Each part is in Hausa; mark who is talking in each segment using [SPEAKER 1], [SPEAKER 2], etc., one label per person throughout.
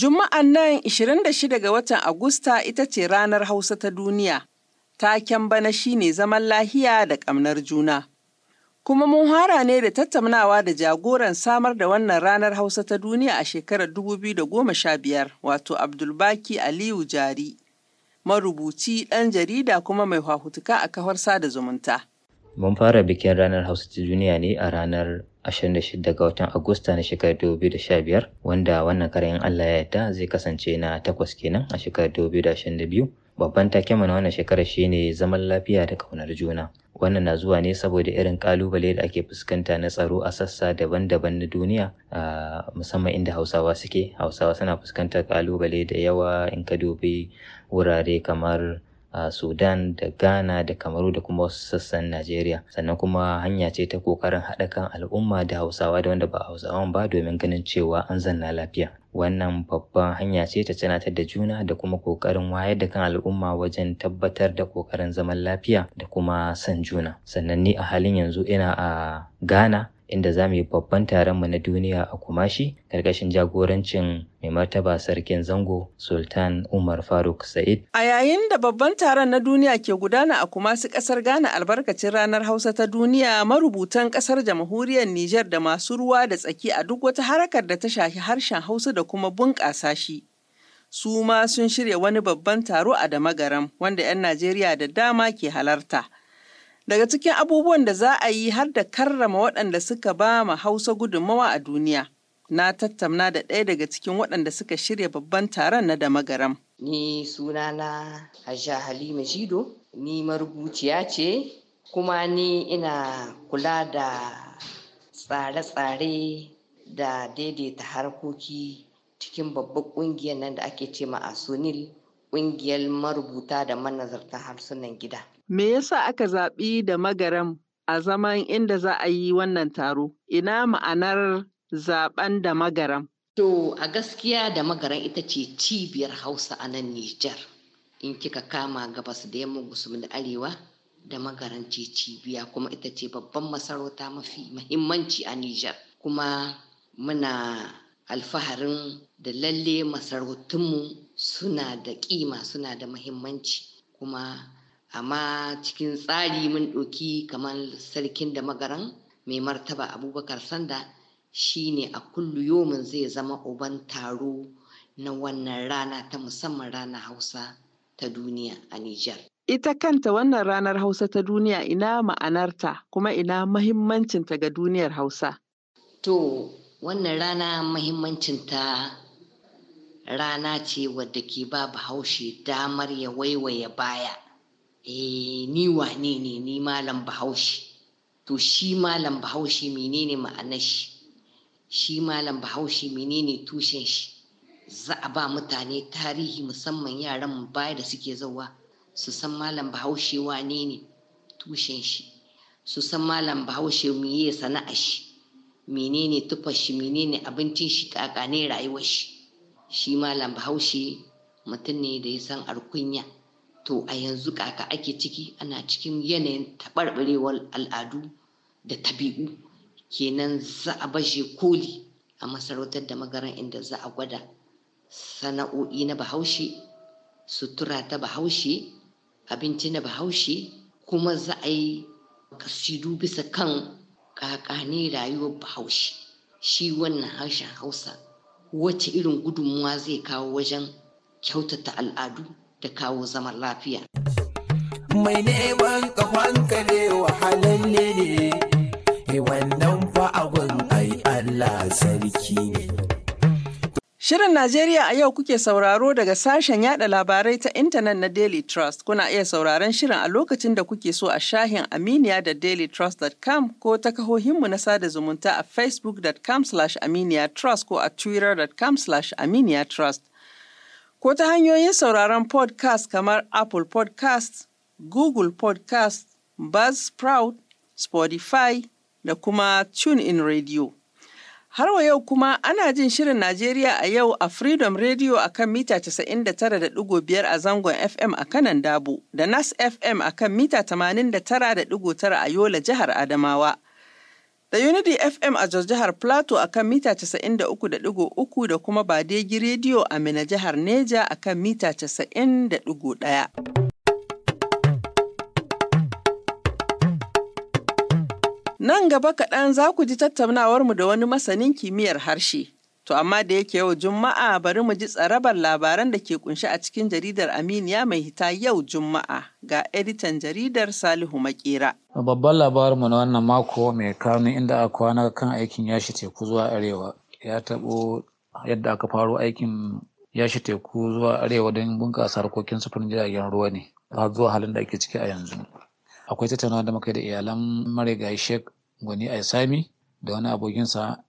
[SPEAKER 1] Juma'an nan 26 ga watan Agusta ita ce ranar Hausa ta duniya. Taken bana shine zaman lahiya da ƙamnar juna. Kuma mun hara ne da tattaunawa da jagoran samar da wannan ranar Hausa ta duniya a shekarar 2015 wato Abdulbaki Aliyu Jari, marubuci ɗan jarida kuma mai hahutuka a kafar sada zumunta.
[SPEAKER 2] Mun fara bikin ranar Hausa ta duniya ne a ranar 26 ga watan Agusta na shekarar 2015 wanda wannan karin Allah ya yarda zai kasance na takwas kenan a shekarar 2022 babban take mana wannan shekarar shine zaman lafiya da kaunar juna wannan na zuwa ne saboda irin kalubale da ake fuskanta na tsaro a sassa daban-daban na duniya musamman inda hausawa suke hausawa suna fuskantar kalubale da yawa in ka dubi wurare kamar a Sudan da Ghana da Kamaru da kuma wasu sassan Najeriya. Sannan kuma hanya ce ta kokarin haɗa kan al'umma da Hausawa da wanda ba Hausawan ba domin ganin cewa an zanna lafiya. Wannan babban hanya ce ta tunatar da juna da kuma kokarin wayar da kan al'umma wajen tabbatar da kokarin zaman lafiya da kuma son juna. Sannan ni a halin yanzu ina a Ghana inda za mu yi babban taron mu na duniya a Kumashi ƙarƙashin jagorancin mai martaba sarkin zango Sultan Umar Faruk Said.
[SPEAKER 1] A yayin da babban taron na duniya ke gudana a Kumasi ƙasar Ghana albarkacin ranar Hausa ta duniya marubutan ƙasar jamhuriyar Nijar da masu ruwa da tsaki a duk wata harakar da ta shafi harshen Hausa da kuma bunƙasa shi. su ma sun shirya wani babban taro a Damagaram wanda 'yan Najeriya da dama ke halarta. Daga cikin abubuwan da za a yi har da karrama waɗanda suka ba ma Hausa gudunmawa a duniya. Na tattamna da ɗaya daga cikin waɗanda suka shirya babban taron na damagaram magaram.
[SPEAKER 3] Ni sunana Hajja Halima Jido, ni marubuciya ce, kuma ni ina kula da tsare-tsare da daidaita harkoki cikin babban ƙungiyar nan da ake ce ma Asunil, ƙungiyar marubuta da manazartan harsunan gida.
[SPEAKER 1] Me yasa aka zaɓi da magaram a zaman inda za a yi wannan taro? Ina ma'anar zaɓen da
[SPEAKER 3] magaram? To a gaskiya da magaran ita ce cibiyar Hausa a nan Nijar. In kika kama gabas da yamma gusum da arewa da magaran ce cibiya kuma ita ce babban masarauta mafi mahimmanci a Nijar. Kuma muna alfaharin da lalle masarautunmu suna da kima suna da mahimmanci kuma amma cikin tsari mun ɗauki kamar sarkin da magaran mai martaba abubakar sanda shine a kullu yomin zai zama uban taro na wannan rana ta musamman rana hausa ta duniya a Nijar.
[SPEAKER 1] Ita kanta wannan ranar hausa ta duniya ina ma'anarta
[SPEAKER 3] kuma ina mahimmancinta ga duniyar hausa. To wannan rana mahimmancinta rana ce wadda ke ba haushe damar ya waiwaye baya. eh ni wane ne ni malam bahaushe to shi malam bahaushe menene ma'anar shi shi malam bahaushe menene tushen shi za a ba mutane tarihi musamman yaran baya da suke zauwa su san malam bahaushe wane ne tushen shi su san malam bahaushe miye sana'a shi menene tufa shi menene abincin shi kakane rayuwar shi shi malam bahaushe mutum ne da ya san arkunya to a yanzu kaka ake ciki ana cikin yanayin taɓarɓarewar al'adu da tabi'u kenan za a bashe koli a masarautar da magaran inda za a gwada sana'o'i na bahaushe sutura ta bahaushe abinci na bahaushe kuma za a yi kasidu bisa kan kakane rayuwar bahaushe shi wannan harshen hausa wacce irin gudunmuwa zai kawo wajen kyautata al'adu da kawo zaman lafiya.
[SPEAKER 1] Mai neman kafanka ne wahalalle
[SPEAKER 4] ne, eh, wannan fa abin ai Allah sarki ne.
[SPEAKER 1] Shirin Najeriya a yau kuke sauraro daga sashen yada labarai ta intanet na Daily Trust. Kuna iya sauraron shirin a lokacin da kuke so a shahin Aminiya da dailytrust.com ko ta kahohinmu na sada zumunta a facebook.com/aminiya trust ko a twitter.com/aminiya trust. ko ta hanyoyin sauraron podcast kamar Apple podcast, Google podcast, Buzzsprout, Spotify da kuma TuneIn Radio. Har wa yau kuma ana jin shirin Najeriya a yau a Freedom Radio a kan mita 99.5 a zangon FM a kanan Dabu, da Nas FM a kan mita 89.9 a Yola jihar Adamawa. Da Unity FM a Jos jihar Plateau a kan mita 93.3 da kuma Badegi Radio a Mina jihar Neja a kan mita 90.1. Nan gaba kaɗan za ku ji mu da wani masanin kimiyyar harshe. To amma da yake yau Juma'a bari mu ji tsarabar labaran da ke kunshi a cikin jaridar Aminiya mai hita yau Juma'a ga editan jaridar Salihu Makera.
[SPEAKER 5] Babban mu na wannan mako mai kanu inda a kwana kan aikin yashi teku zuwa arewa ya taɓo yadda aka faro aikin yashi teku zuwa arewa don bunƙasa harkokin sufurin jiragen ruwa ne har zuwa halin da ake ciki a yanzu. Akwai tattaunawa da muka da iyalan marigayi Sheikh Gwani Aisami da wani abokinsa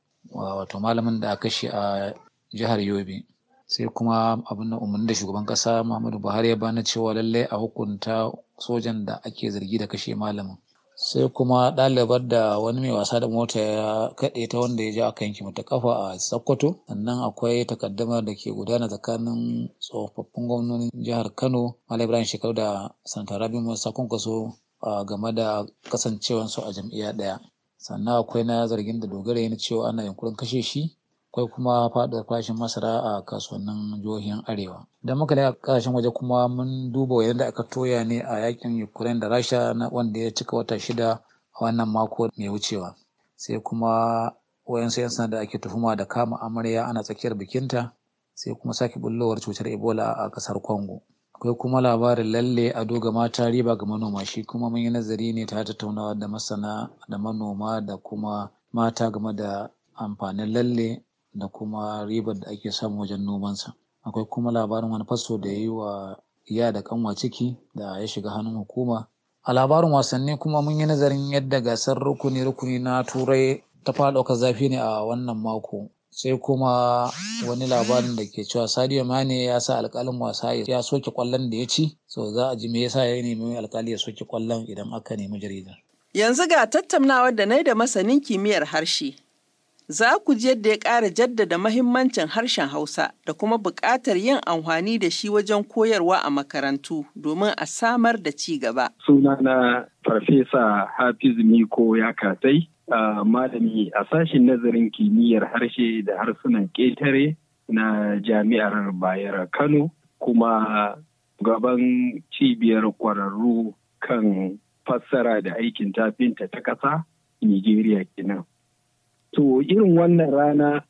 [SPEAKER 5] wato malamin da aka kashe a jihar Yobe. Sai kuma abin da umarni da shugaban ƙasa Muhammadu Buhari ya bani cewa lallai a hukunta sojan da ake zargi da kashe malamin. Sai kuma ɗalibar da wani mai wasa da mota ya kaɗe ta wanda ya ja aka yanke mata kafa a Sokoto. Sannan akwai takaddamar da ke gudana tsakanin tsofaffin gwamnonin jihar Kano, Malam Ibrahim Shekaru da Santa Rabi Musa Kwankwaso game da kasancewansu a jam'iyya ɗaya. sannan akwai na zargin da dogara ya cewa ana yunkurin kashe shi akwai kuma faɗuwar fashin masara a kasuwannin jihohin arewa da muka a kasashen waje kuma mun duba wayanda aka toya ne a yakin ukraine da rasha na wanda ya cika wata shida a wannan mako mai wucewa sai kuma su 'yan sanda ake tuhuma da kama amarya ana tsakiyar bikinta sai kuma sake bullowar cutar ebola a kasar congo akwai kuma labarin lalle a ga mata riba ga manoma shi kuma mun yi nazari ne ta tattaunawa da masana da manoma da kuma mata game da amfanin lalle da kuma ribar da ake samu wajen nomansa akwai kuma labarin wani faso da ya yi wa iya da kanwa ciki da ya shiga hannun hukuma a labarin wasanni kuma mun yi nazarin yadda gasar rukuni rukuni na turai ta faɗaukar zafi ne a wannan mako sai kuma wani labarin da ke cewa Sadio Mane ya sa alkalin wasa ya soke kwallon da ya ci so za a ji me yasa ya nemi alƙali ya soke kwallon idan aka nemi jarida Yanzu
[SPEAKER 1] ga tattaunawar da na da masanin kimiyyar harshe. Za ku ji yadda ya ƙara jaddada mahimmancin harshen Hausa da kuma buƙatar yin amfani da shi wajen koyarwa a makarantu domin a samar da ci gaba.
[SPEAKER 4] Sunana Farfesa Hafiz Miko ya katai malami a sashen nazarin kimiyyar harshe da harsunan ƙetare na jami'ar bayar kano kuma gaban cibiyar kwararru kan fassara da aikin tafinta ta ƙasa nigeria kenan to irin wannan rana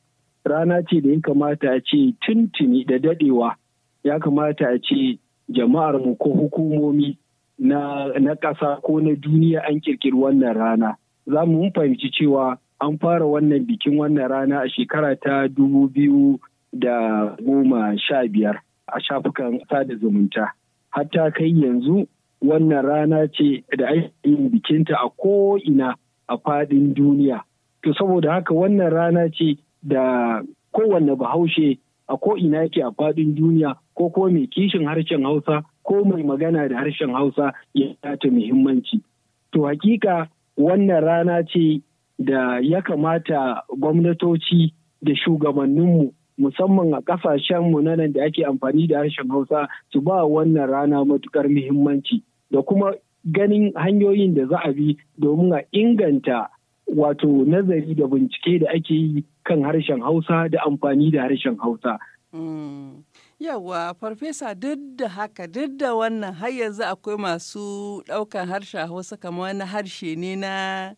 [SPEAKER 4] rana ce da ya kamata a ce tuntuni da dadewa ya kamata a ce jama'ar mu ko hukumomi na ƙasa ko na duniya an kirkiri wannan rana za mu fahimci cewa an fara wannan bikin wannan rana a shekara ta dubu biyu da goma sha biyar a shafukan sada zumunta. Hatta kai yanzu wannan rana ce da ake yin bikinta a ko'ina a fadin duniya. To saboda haka wannan rana ce da kowanne bahaushe a ko'ina yake a fadin duniya ko ko mai kishin harshen Hausa ko mai magana da harshen Hausa ya ta muhimmanci. To hakika wannan rana ce da ya kamata gwamnatoci da shugabanninmu musamman a ƙasashenmu na nan da ake amfani da harshen Hausa su ba wannan rana matukar muhimmanci da kuma ganin hanyoyin da za a bi domin a inganta wato nazari da bincike da ake yi kan harshen Hausa da amfani da harshen Hausa. Mm.
[SPEAKER 1] Yawa farfesa duk da haka duk da wannan har yanzu akwai masu ɗaukan harshe wasu kamar wani harshe ne na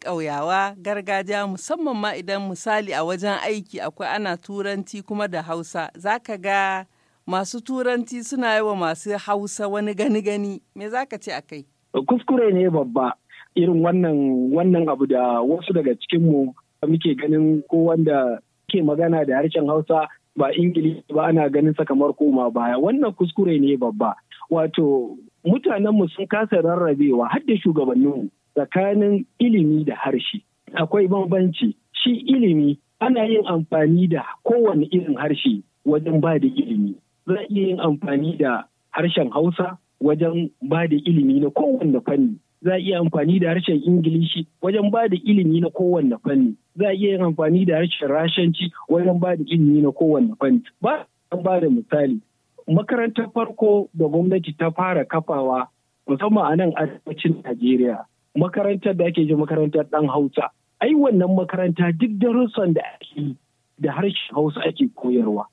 [SPEAKER 1] ƙauyawa gargajiya musamman ma idan misali a wajen aiki akwai ana turanci kuma da hausa za ka ga masu turanci suna yi wa masu hausa wani gani-gani me za ka ce a kai
[SPEAKER 4] kuskure ne babba irin wannan wannan abu da wasu daga cikinmu muke ganin ko wanda ke magana da harshen hausa ba ingilishi ba ana ganin sa kamar koma baya wannan kuskure ne babba wato mutanenmu sun kasa rarrabewa har da shugabanninmu tsakanin ilimi da harshe akwai bambanci shi ilimi ana yin amfani da kowane irin harshe wajen ba da ilimi za iya yin amfani da harshen hausa wajen ba da ilimi na kowane fanni za a iya amfani da harshen ingilishi wajen ba da ilimi na kowanne fanni za a iya yin amfani da harshen rashanci wajen ba da ilimi na kowanne fanni ba a ba da misali makarantar farko da gwamnati ta fara kafawa musamman a nan arewacin najeriya makarantar da ake ji makarantar ɗan hausa ai wannan makaranta duk darussan da ake yi da harshen hausa ake koyarwa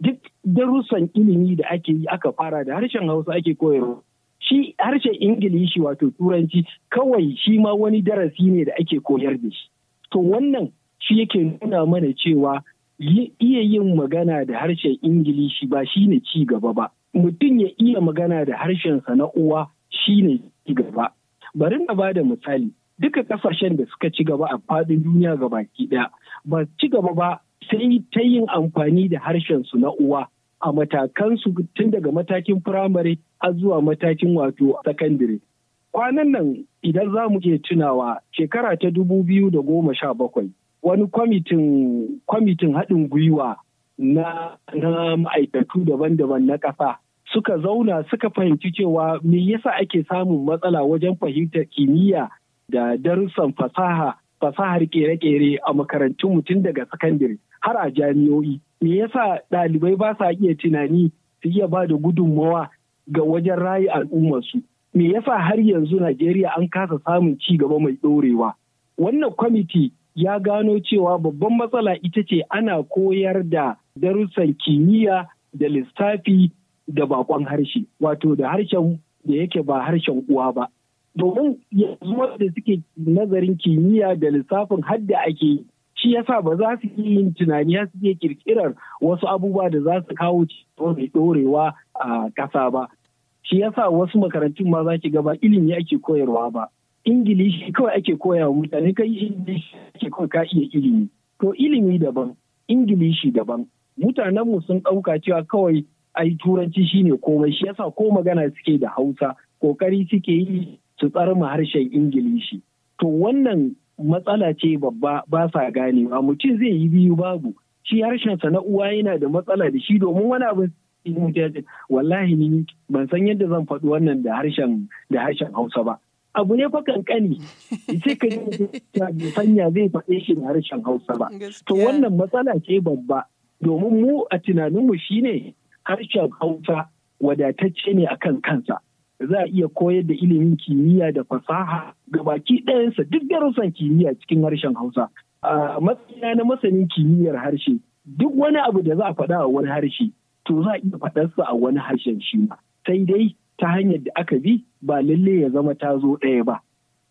[SPEAKER 4] duk darussan ilimi da ake yi aka fara da harshen hausa ake koyarwa shi harshen ingilishi wato turanci kawai shi ma wani darasi ne da ake koyar da shi to wannan shi yake nuna mana cewa iya yin magana da harshen ingilishi ba shi ne ci gaba ba mutum ya iya magana da harshensa na uwa shi ne ci gaba bari na ba da misali duka kasashen da suka ci gaba a faɗin duniya ga baki ɗaya ba ci gaba ba sai ta yin amfani da harshen su na uwa a matakansu tun daga matakin firamare a zuwa matakin wato sakandire. Kwanan nan idan za mu ke tunawa shekara ta dubu biyu da goma sha bakwai wani kwamitin haɗin gwiwa na, ma'aikatu daban-daban na ƙasa suka zauna suka fahimci cewa me yasa ake samun matsala wajen fahimtar kimiyya da darussan fasaha fasahar kere-kere a makarantun tun daga sakandare har a jami'o'i me yasa ɗalibai ba sa iya tunani su iya ba da gudunmawa ga wajen rayu al'ummarsu me yasa har yanzu najeriya an kasa samun ci gaba mai ɗorewa wannan kwamiti ya gano cewa babban matsala ita ce ana koyar da darussan kimiyya da lissafi da bakon harshe wato da harshen da yake ba harshen uwa ba domin yanzu wanda suke nazarin kimiyya da lissafin hadda ake shi yasa ba za su yi yin tunani ya su iya kirkirar wasu abubuwa da za su kawo cito mai dorewa a ƙasa ba shi yasa wasu makarantun ma za ki ga ba ilimi ake koyarwa ba ingilishi kawai ake koya wa mutane kai ingilishi ake kawai ka iya ilimi to ilimi daban ingilishi daban mutanenmu sun ɗauka cewa kawai yi turanci shi ne komai shi yasa ko magana suke da hausa ƙoƙari suke yi su tsarma harshen ingilishi to wannan matsala ce babba ba sa ganewa mutum zai yi biyu babu shi harshensa na uwa yana da matsala da shi domin wani abu wallahi ni ban san yadda zan faɗi wannan da harshen da harshen Hausa ba abu ne fa kankani sai ka ji sanya zai faɗe shi da harshen Hausa ba to wannan matsala ce babba domin mu a tunaninmu shine harshen Hausa wadatacce ne akan kansa za a iya koyar da ilimin kimiyya da fasaha ga baki ɗayansa duk darussan kimiyya cikin harshen Hausa. A matsayina na masanin kimiyyar harshe duk wani abu da za a faɗa a wani harshe to za a iya faɗarsa a wani harshen shi ma. Sai dai ta hanyar da aka bi ba lalle ya zama ta zo ɗaya ba.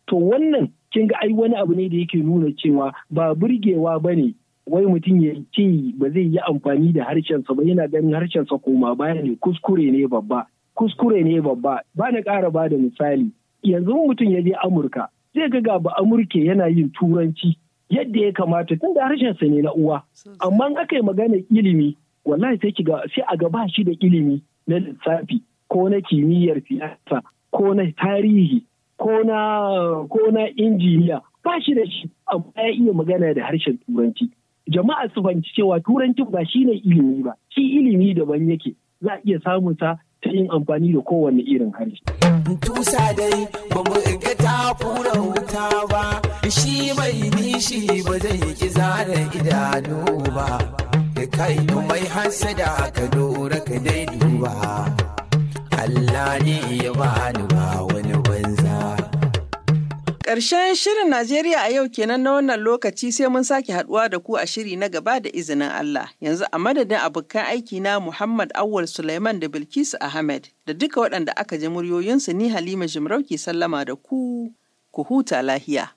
[SPEAKER 4] To wannan kin ga ai wani abu ne da yake nuna cewa ba burgewa ba ne wai mutum ya ce ba zai yi amfani da harshensa ba yana ganin harshensa koma baya ne kuskure ne babba kuskure ne babba ba na ƙara ba da misali yanzu mutum ya je amurka zai ga gaba amurke yana yin turanci yadda ya kamata tun da harshensa ne na uwa amma in aka yi magana ilimi wallahi sai ki ga sai a gaba shi da ilimi na lissafi ko na kimiyyar siyasa ko na tarihi ko na ko na injiniya ba shi da shi amma ya iya magana da harshen turanci jama'a su fahimci cewa turancin ba shi ne ilimi ba shi ilimi daban yake za a iya samun sa ta yin amfani da kowane irin harshe. Tusa dai ba mu ga ta fura wuta ba, shi mai nishi ba zai ki zara idanu ba, da kai mai hasada ka dora ka dai duba. Allah ne ya bani bawa.
[SPEAKER 1] Karshen shirin Najeriya a yau kenan na wannan lokaci sai mun sake haduwa da ku a shiri na gaba da izinin Allah. Yanzu a madadin abokan aiki na Muhammad Awal Sulaiman da Bilkisu Ahmed da duka waɗanda aka ji muryoyinsu ni Halima Jimarauki sallama da ku, ku huta lahiya.